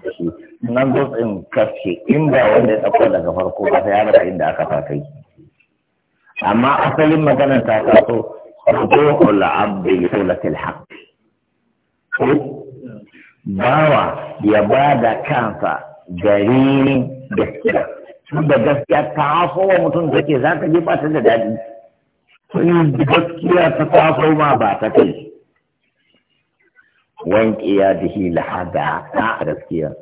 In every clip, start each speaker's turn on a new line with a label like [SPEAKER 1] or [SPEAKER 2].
[SPEAKER 1] da shi nan dutsen in ba wanda ya ɗauko daga farko ba sai ya rasa inda aka sa kai amma asalin maganar ta taso hukumul abdi li sulatil haqq bawa ya ba da kansa gari gaskiya da gaskiya ta wa mutum take za ta je ba ta da daɗi sun gaskiya ta taso ma ba ta kai Wanƙiya ya da shi lahada a gaskiya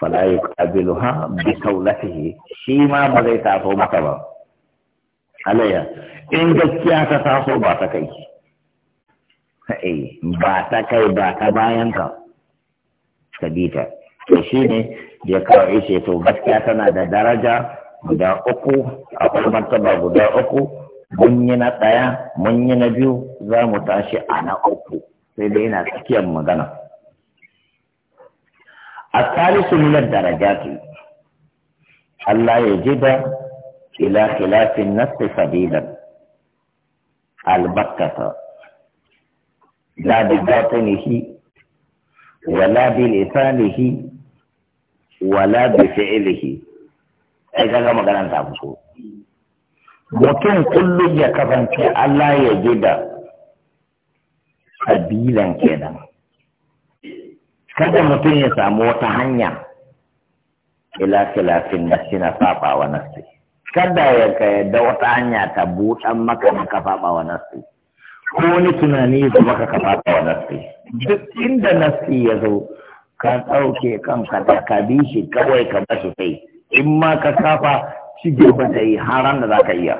[SPEAKER 1] falayi kabilu bi kaulatihi shi ma ba zai taso maka ba alayya in gaskiya ta taso ba ta kai ba ta kai ba ta bayan ka kadita to shi ne ya kawo shi to gaskiya tana da daraja guda uku a martaba guda uku mun yi na ɗaya mun yi na biyu za mu tashi a na uku sai dai yana tsakiyar magana a talisu minar darajati Allah ya ji da ila khilafin nasi sabilan albakkata la bi batinihi wala bi wa la bi shi, ai kaga maganar ta fi so. mutum kullum ya kasance Allah ya da. sabilan kenan kada mutum ya samu wata hanya ila filafin da shi na faɓa wa nasi kada ya da wata hanya ta buɗan maka na ka faɓa wa nasi ko wani tunani ya zo ka faɓa wa nasi duk inda nasi ya zo ka ɗauke kanka da ka bi shi kawai ka bashi kai in ma ka kafa shi ba da yi haram da za ka iya.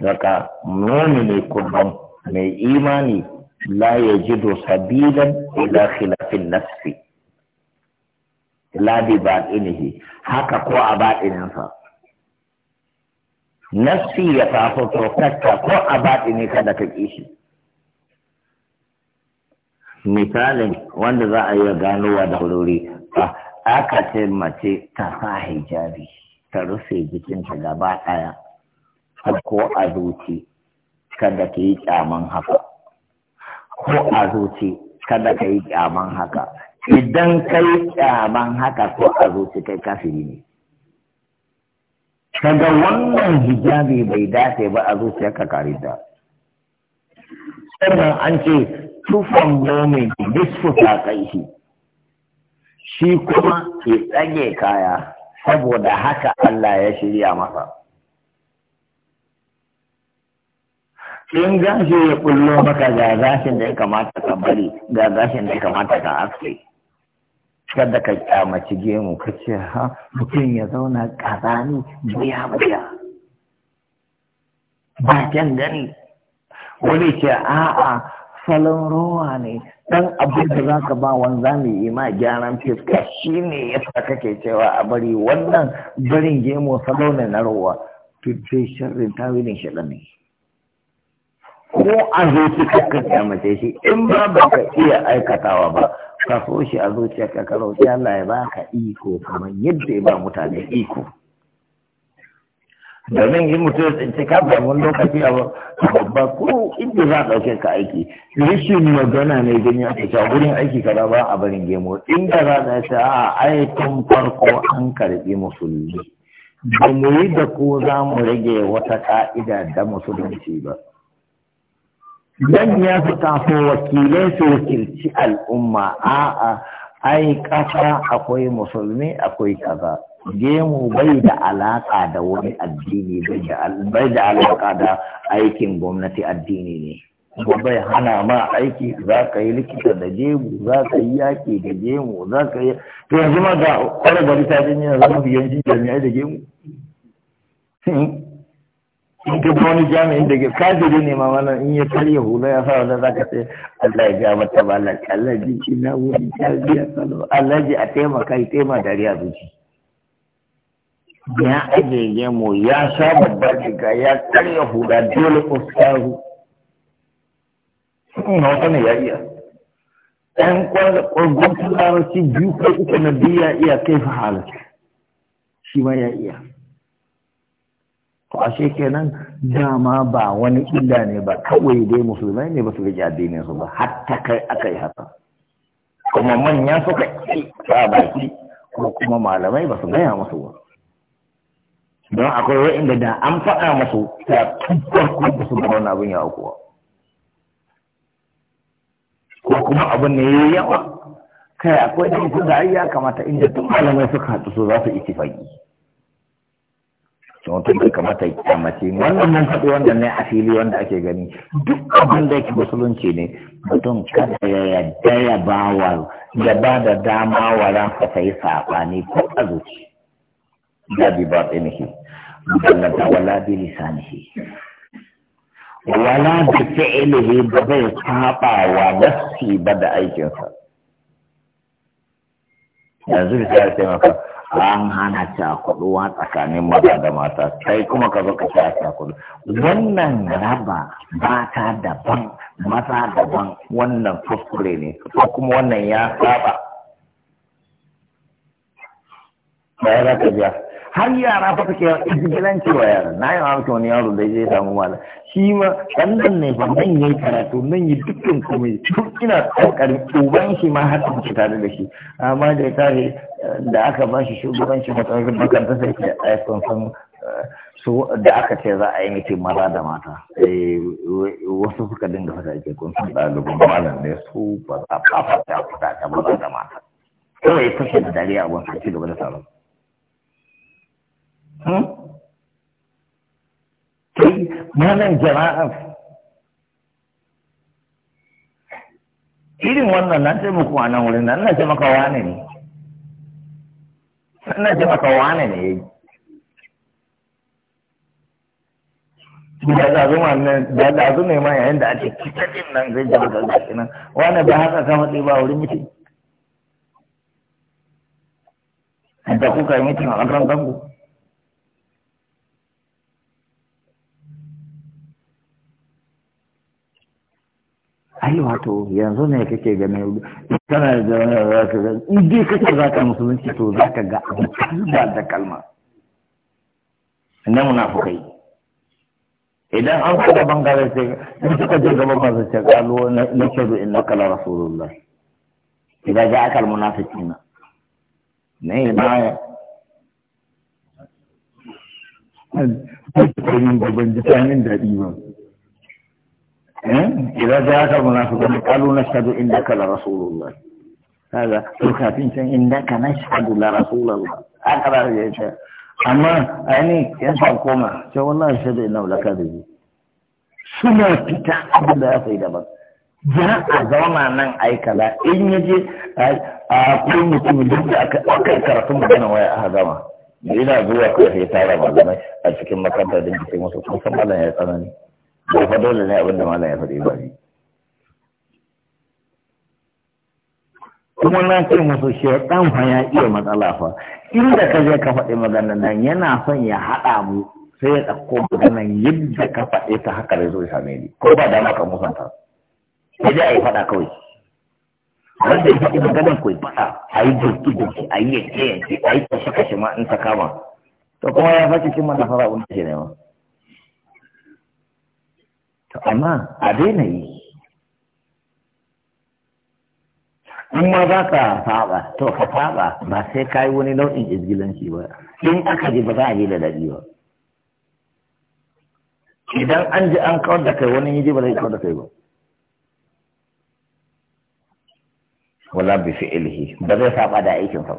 [SPEAKER 1] Zaka nuni ne kullum mai imani لا يجد سبيلا إلى خلاف النفس لا بباطنه haka ko a nafsi ya taso tsokarka ko a baɗini kada ka ƙi shi misalin wanda za a yi ganowa da wuri aka ce mace ta sa hijabi ta rufe jikinta gaba ɗaya ko a zuci kada ta yi ƙyaman haka ko a zuci kada ka yi kyaman haka idan ka yi kyaman haka ko a zuci kai kafiri ne kaga wannan hijabi bai dace ba a zuciya ka sannan an ce tufan momin nisfu ta kai shi shi kuma ke tsage kaya saboda haka Allah ya shirya masa in gashi ya kullo maka ga gashin da ya kamata ka bari ga gashin da ya kamata ka aske kada ka kyamaci gemu ka ce ha mutum ya zauna kazani buya buya ba kyan gani wani ce a'a salon rowa ne dan abu da zaka ba wanzami yi ma gyaran fiska shine yasa kake cewa a bari wannan barin gemu salo ne na rowa to dai sharrin tawilin ne ko a zuci kakka kyamace shi in ba ba ka iya aikatawa ba ka so shi a zuciya ka karauci Allah ya baka iko kamar yadda ya ba mutane iko domin in mutum ya tsinci ka wani lokaci a babba ko inda za a ɗauke ka aiki rashin magana ne gani a cikin wurin aiki kaza ba a barin gemu inda za a ce a aikin farko an karɓi musulmi ba mu yi da ko za mu rage wata ka'ida da musulunci ba dan ya fi taso wakilai su wakilci al'umma a'a ai kasa akwai musulmi akwai kaza gemu bai da alaƙa da wani addini bai da alaƙa da aikin gwamnati addini ne bai hana ma aiki za ka yi likita da gemu za ka yi yaƙi da gemu za ka yi to yanzu ma ga ƙwararwa ta na zama fiye jami'ai da gemu hmm? in ka ga wani jami'in da ke kafiri ne ma mana in ya karya hula ya sa wani za ka ce Allah ya ja mata ba Allah Allah ji ki na wuri tarbiya salo Allah ji a taimaka ya taima a zuci ya ajiye mu ya sha babbar shiga ya karya hula dole ustaru na wata ne ya iya ɗan kwargon tularoci biyu ko uku na biya iya kai fa halaka shi ma ya iya ashe kenan dama ba wani illa ne ba kawai dai musulmai ne ba su rike addinin su ba hatta kai aka yi haka kuma manya suka yi ba baki ko kuma malamai ba su gaya musu ba don akwai inda da an faɗa musu ta tabbatar da su ga wani abin ya aukuwa ko kuma abin ne ya yawa kai akwai da mutum da ayya kamata inda duk malamai suka haɗu su za su ittifaki wata bai kamata kyamace wannan nan faɗi wanda ne a fili wanda ake gani duk abin da yake musulunci ne mutum kada ya yadda ya ba wa ya ba da dama wa ranka ta saɓani ko a zuci ya bi ba wala bi lisanihi wala bi fi'ilihi ba zai saɓa wa nafsi ba da aikinsa
[SPEAKER 2] yanzu misali sai maka
[SPEAKER 1] an hana cakuduwa tsakanin maza da mata sai kuma ka zo ka ci a cakudu wannan raba ta daban maza daban wannan kuskure ne ko kuma wannan ya saba ba ya za ka biya har yara fa suke jigilanci cewa yara na yi mamaki wani yaro da zai samu mala shi ma ɗan ne fa nan yi karatu nan yi dukkan komai ina kokari uban shi ma har suke tare da shi amma da ya tare eh, da aka ba shi shugabanci matsayin makaranta sai ke aikon eh, san eh, su da aka ce za a yi mace maza da mata wasu suka dinga fata ke kun san ɗalibin malam ne su ba a fata ta maza da mata kawai fashe da dariya wasu ci gaba da salon Hmm? kai malam jama'a irin wannan nan sai muku wannan nan wurin nan na jama'a wane ne na jama'a wane ne ya da zazu wannan da zazu ne ma yayin da ake kitadin nan zai jama'a da gashi nan wani ba haka ka matsayi ba wurin mutum da kuka yi mutum a ƙasar kanku ai wato yanzu ne kake ganin kana da za ka ga in dai kake za ka musulunci to za ka ga abu kalma da kalma na munafukai idan an kada bangare sai in suka je gaba ba su ce kalo na shaidu innaka kala rasulullah idan ga akal na ne ba Ai, ba ta yi daɗi ba. إذا جاءك المنافقون قالوا نشهد إنك لرسول الله هذا تكاتين إنك نشهد لرسول الله هكذا يجب amma a ne yan koma sai wallahi sai da ina laka da ji suna fita abin da ya sai daban za a zauna nan aikala, in ya je a kuma mutum duk da aka ɗauka karatun magana waya a gama ina zuwa kawai sai tara malamai a cikin makarantar da ke musu kusan malam ya tsanani ba fa dole ne abinda malam ya faɗi ba ne kuma na ce musu shaidan fa ya iya matsala fa inda ka je ka faɗi magana nan yana son ya haɗa mu sai ya ɗauko magana yadda ka faɗi ta haka da zo ya same ni ko ba dama ka musanta sai dai a yi faɗa kawai wanda ya faɗi maganar ko faɗa a yi jirki jirki a yi yanke yanke a yi kashe kashe ma in ta kama to kuma ya faɗi cin mana fara'un da ke nema. to amma a daina yi in ma za ka faɓa to ka faɓa ba sai ka yi wani nau'in izgilanci ba in aka ji ba za a yi da daɗi ba idan an ji an kawar da kai wani yaji ba zai kawar da kai ba wala bi fi'lihi ba zai faɓa da aikin ba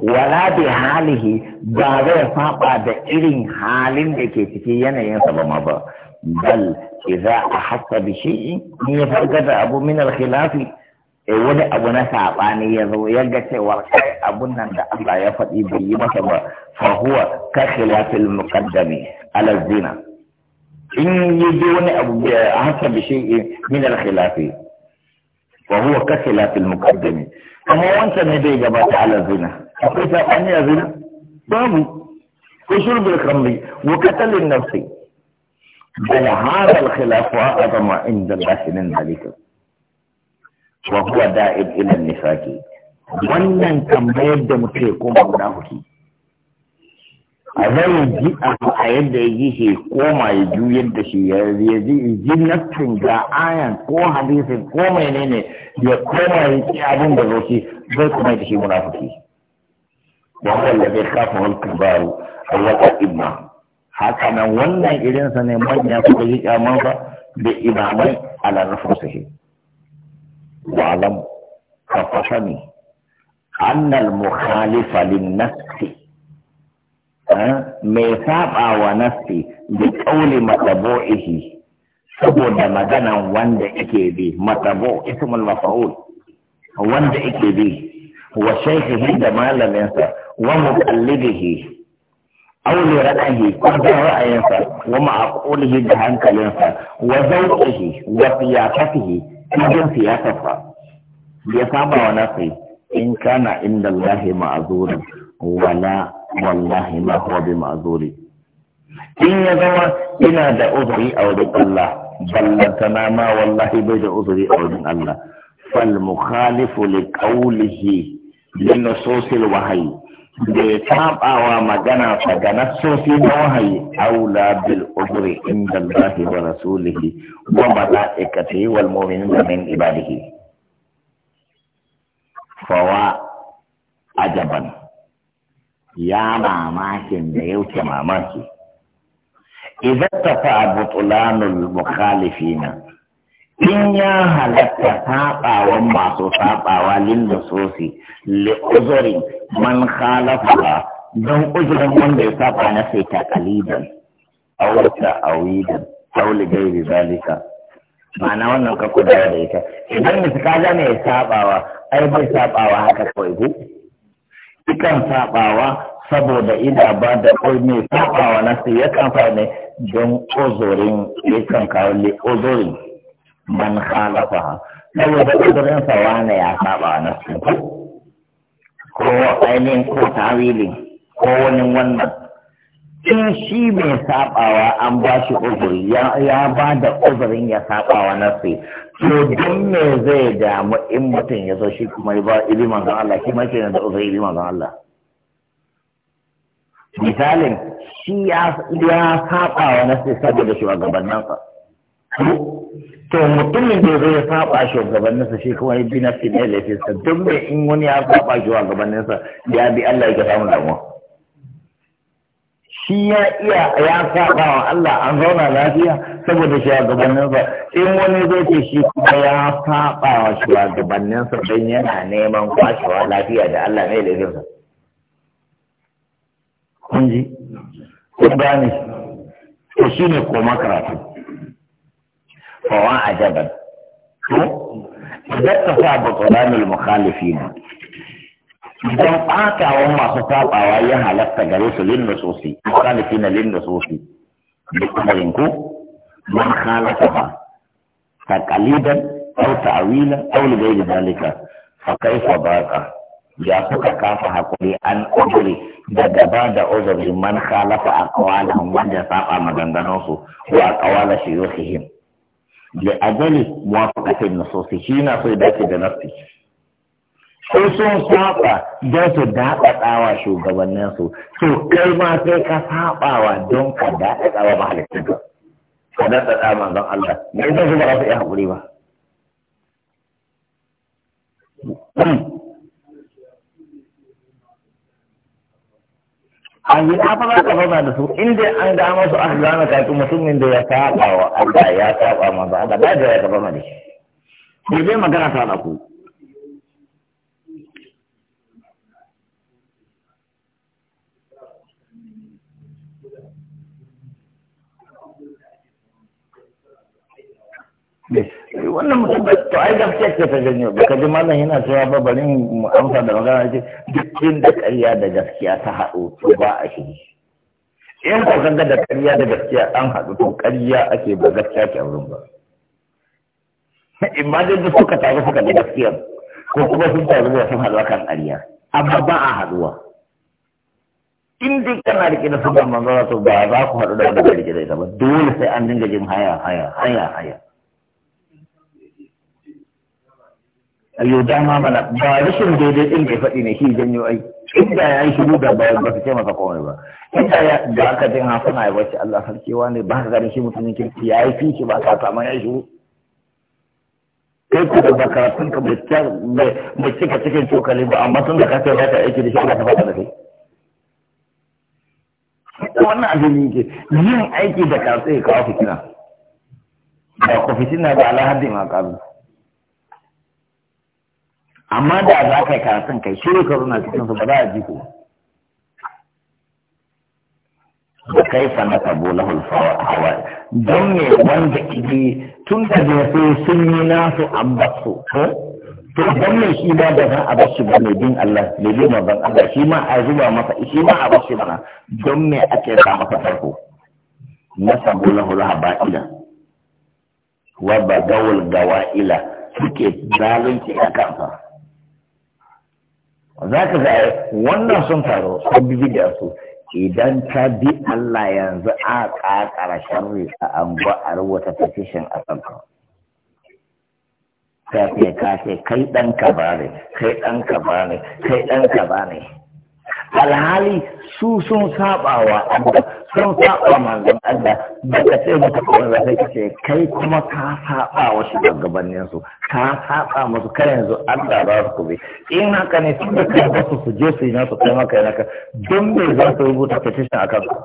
[SPEAKER 1] wala bi halihi ba zai faɓa da irin halin da ke cikin yanayin sa ba ma ba بل إذا أحس بشيء يفرقد أبو من الخلاف إيه ولا أبو ناس عطاني يلقى ورقة أبو نندى الله يفض إبري مصبا فهو كخلاف المقدم على الزنا إن يجون أبو أحط بشيء من الخلاف فهو كخلاف المقدم أما وانت نبي جبات على الزنا أقول أني أزنا بابي وشرب الخمر وقتل النفسي بل هذا الخلاف أعظم عند الله من ذلك وهو دائب إلى النفاق wannan kan mayar da mutum ya koma munafiki a zai ji a yadda ya ji shi koma ya juyar da shi ya ji ji nafsin ga ayan ko hadisin ko menene ya koma ya ci abin da zoci zai kuma da shi munafiki wannan da zai kafa wani kabaru a wata ibna haka nan wannan irinsa ne manya suka yi kyamansa da imamai he nufusihi alam ka ne annal mukhalifa lin nafsi eh, mai saba wa nafsi kauli matabo ihi saboda maganan wanda yake bi matabo ismul mafa'ul wanda yake bi wa shaykhihi da malaminsa wa muqallidihi أو لرأيه قد رأيه ومعقوله دهان كلمه وزوقه وقياسته تجن سياسته يسامع ونقي إن كان عند الله معذور ولا والله ما هو بمعذور إن يزوى إلى ذا أو ذا الله بل تماما والله بيد أذري أو ذا الله فالمخالف لقوله لنصوص الوحي bai saɓawa magana sa ga nassosi na wahayi aula bil uzri inda Allah wa rasulihi wa malaikatihi wal mu'minina min ibadihi fawa ajaban ya mamakin da yauke mamaki idan tafa butulanul mukhalifina in ya halatta saɓawan masu saɓawa linnasosi li'uzurin man khalafa don uzurin wanda ya saɓa na sai ta kalidan auta awidan gairi zalika ma'ana wannan ka da da ita idan mutu ka gane ya saɓawa ai bai saɓawa haka kawai ku ikan saɓawa saboda ina ba da kawai mai saɓawa na sai yakan fa ne don uzurin yakan kawo uzurin man khalafaha saboda kudurin sa wane ya saba na su ko ainihin ko tawilin ko wani wannan in shi mai sabawa an ba shi uzuri ya ba da uzurin ya sabawa na su to don me zai damu in mutum ya zo shi kuma ya ba iri manzon Allah shi mace da uzuri iri manzon Allah misalin shi ya sabawa na nasu saboda shugabanninsa to mutumin da zai saba shugabanninsa shi kuma ya bi na fi ne laifinsa duk da in wani ya saba shugabanninsa ya bi Allah ya samu damuwa shi ya iya ya saba wa Allah an zauna lafiya saboda shugabanninsa in wani zai ce shi kuma ya saba wa shugabanninsa don yana neman kwashewa lafiya da Allah ne laifinsa kun ji kun gane to shine koma karatu فوا عجبا إذا اتفى بطلان المخالفين إذا قاطع وما سطاب أوليها لك جريس للنصوصي مخالفين للنصوص بقدرينكو من خالفها تقليدا أو تعويلا أو لغير ذلك فكيف باقى ya suka kafa أن أجري uzuri بعد أجري من خالف أقوالهم من aqwalahum مدندنوسو وأقوال شيوخهم da ajali na nasusi shi na so ke da nafsi sai sun saba don su wa shugabannin su to kai ma sai ka wa don ka daɗaɗawa ba ka ka daɗaɗa don Allah ne zai ba za su haƙuri ba hmm. an gida fa za ka zauna da su inda an ga masu aka kafin mutumin da ya saba wa Allah ya saba maza a da ya gaba ma da shi bai magana ta ku Eh, wannan mutum to ai gaskiya ce ta janyo baka ji malam yana cewa ba bari mu amsa da magana ce duk inda ƙarya da gaskiya ta haɗu to ba a shiri in ko ganga da ƙarya da gaskiya an haɗu to ƙarya ake ba gaskiya ke wurin ba in ma dai suka taru suka da gaskiya ko kuma sun taru da sun haɗuwa kan ƙarya amma ba a haɗuwa in dai kana rike da sunan manzara to ba za ku haɗu da wanda ba rike ita ba dole sai an dinga jin haya haya haya haya yau dama mana ba rashin daidai din da faɗi ne shi janyo ai inda ya yi shiru da bayan ba su ce masa komai ba inda ya da aka jin hafuna ya bace Allah sarki ne ba ka ganin shi mutumin kirki ya yi fice ba ka kama ya shiru kai ku da bakaratun ka bai cika cikin cokali ba amma tun da ka ce ba aiki da shi ba ta faɗa da kai wannan abin yake yin aiki da karatu ya kawo fitina ba ku fitina ba alhadin a ƙaru amma da za ka yi karatun kai ne ka zuna cikin su ba za a ji ku da kai sana ta bola hulfawa hawa don me wanda ibi tun da ne so sun yi nasu an ba su ko to don me shi ba da zan a ba shi ba mai bin Allah mai bin manzon Allah shi ma a zuba masa shi ma a ba shi ba don me ake sa masa farko na sabola ila wa gawa ila suke zalunci a kansa za ka ga wannan sun faru sun bi da su idan ta bi Allah yanzu a ƙaƙara sharri a an a rubuta petition a kanka ka ce ka ce kai ɗan ka kai ɗan ka ba kai ɗan ka ba alhali su sun saba wa Allah sun saba manzon Allah da ka ce muka kawai za ka ce kai kuma ka saba wa shugabannin su ka saba musu kai yanzu Allah ba su kube in haka ne sun ka ba su su je su yi nasu kai maka yana ka don me za su rubuta petition akan su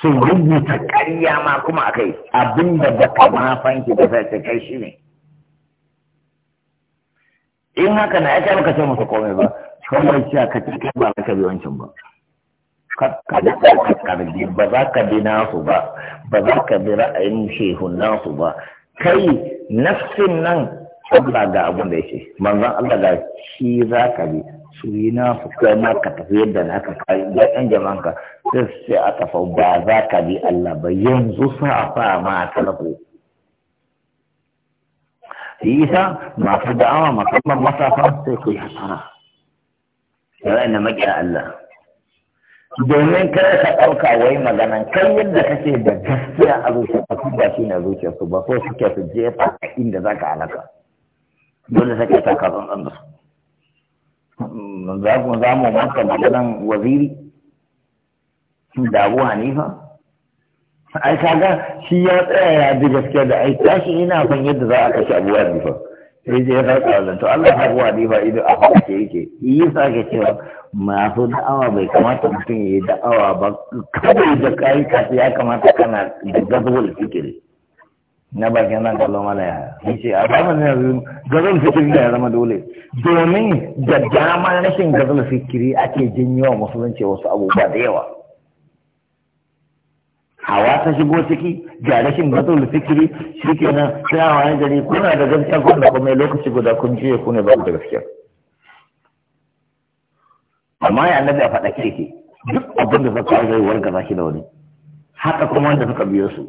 [SPEAKER 1] sun rubuta ƙarya ma kuma akai abinda da ka ma fanki da sai kai shi ne in haka na ya ce maka ce musu komai ba wannan cewa ka ci ba za ka bi wancan ba ka ba za ka bi nasu ba ba za ka bi ra'ayin shehu nasu ba kai nafsin nan Allah ga abun da yake manzon Allah ga shi za ka bi su yi nasu kai ma ka tafi yadda na ka kai ya ɗan jaman ka sai a kafa ba za ka bi Allah ba yanzu sa fara ma a talako Isa masu da'awa musamman matasan sai ku yi hasara. yawa na maƙiya Allah domin kada ka ɗauka wai maganan kai yadda kake da gaskiya a zuciya a ba shi na zuciya su ba ko suke su jefa a inda za ka alaka dole take ta ka zan da za mu za mu maka maganan waziri da abu hanifa ai kaga shi ya tsaya ya bi gaskiya da ai tashi ina son yadda za a kashe abu hanifa sai je ya kalan to Allah ya wa ba ido a haka yake yi sa ke cewa masu da'awa bai kamata mutum ya yi da'awa ba kada da kai kafi ya kamata kana da gazuwar fikiri na bakin nan kallo mana ya yace a zamanin yanzu gazuwar fikiri da ya zama dole domin da dama rashin gazuwar fikiri ake janyo musulunci wasu abubuwa da yawa hawa ta shigo ciki ga rashin batul fikiri shikenan sai a wani gari kuna da gaskiya ko da kuma lokaci guda kun je ku ne ba ku da gaskiya amma ya annabi a faɗa kike duk abin da suka yi zai gaza shi da wani haka kuma wanda suka biyo su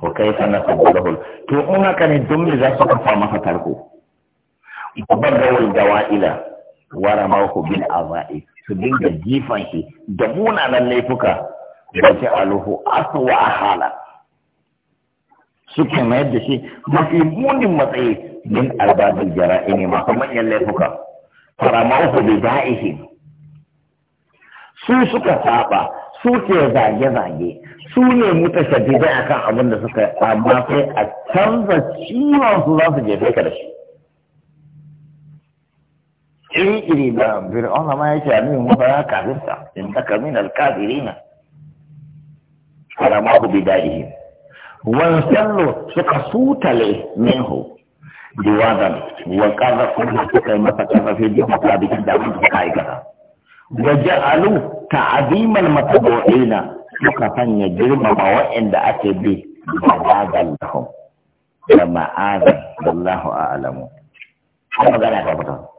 [SPEAKER 1] ko kai kana hol to in haka ne don me za su kafa masa tarko babbar da wal dawa'ila wara mahu bil aza'i su dinga jifan shi da munanan laifuka da ji aluhu aswa hala suke mayar da shi mafi munin matsayi min albabin jara'i ne masu manyan laifuka fara mahu bil da'ihi su suka saba su ke zage-zage su ne zai akan abin da suka amma sai a canza ciwon su za su jefe ka da shi iri iri da fir'auna ma yake a nuna musa ya kafirta in taka min alkafirina harama ku bi dadihi wan sallu suka sutale minhu diwadan wa kaza kuma suka yi masa kaza fi bi mutabikin da abin da suka aikata wa ja'alu ta'zimal matabu'ina suka sanya girmama wa'anda ake bi da dagal lahum da ma'azan wallahu a'lamu ta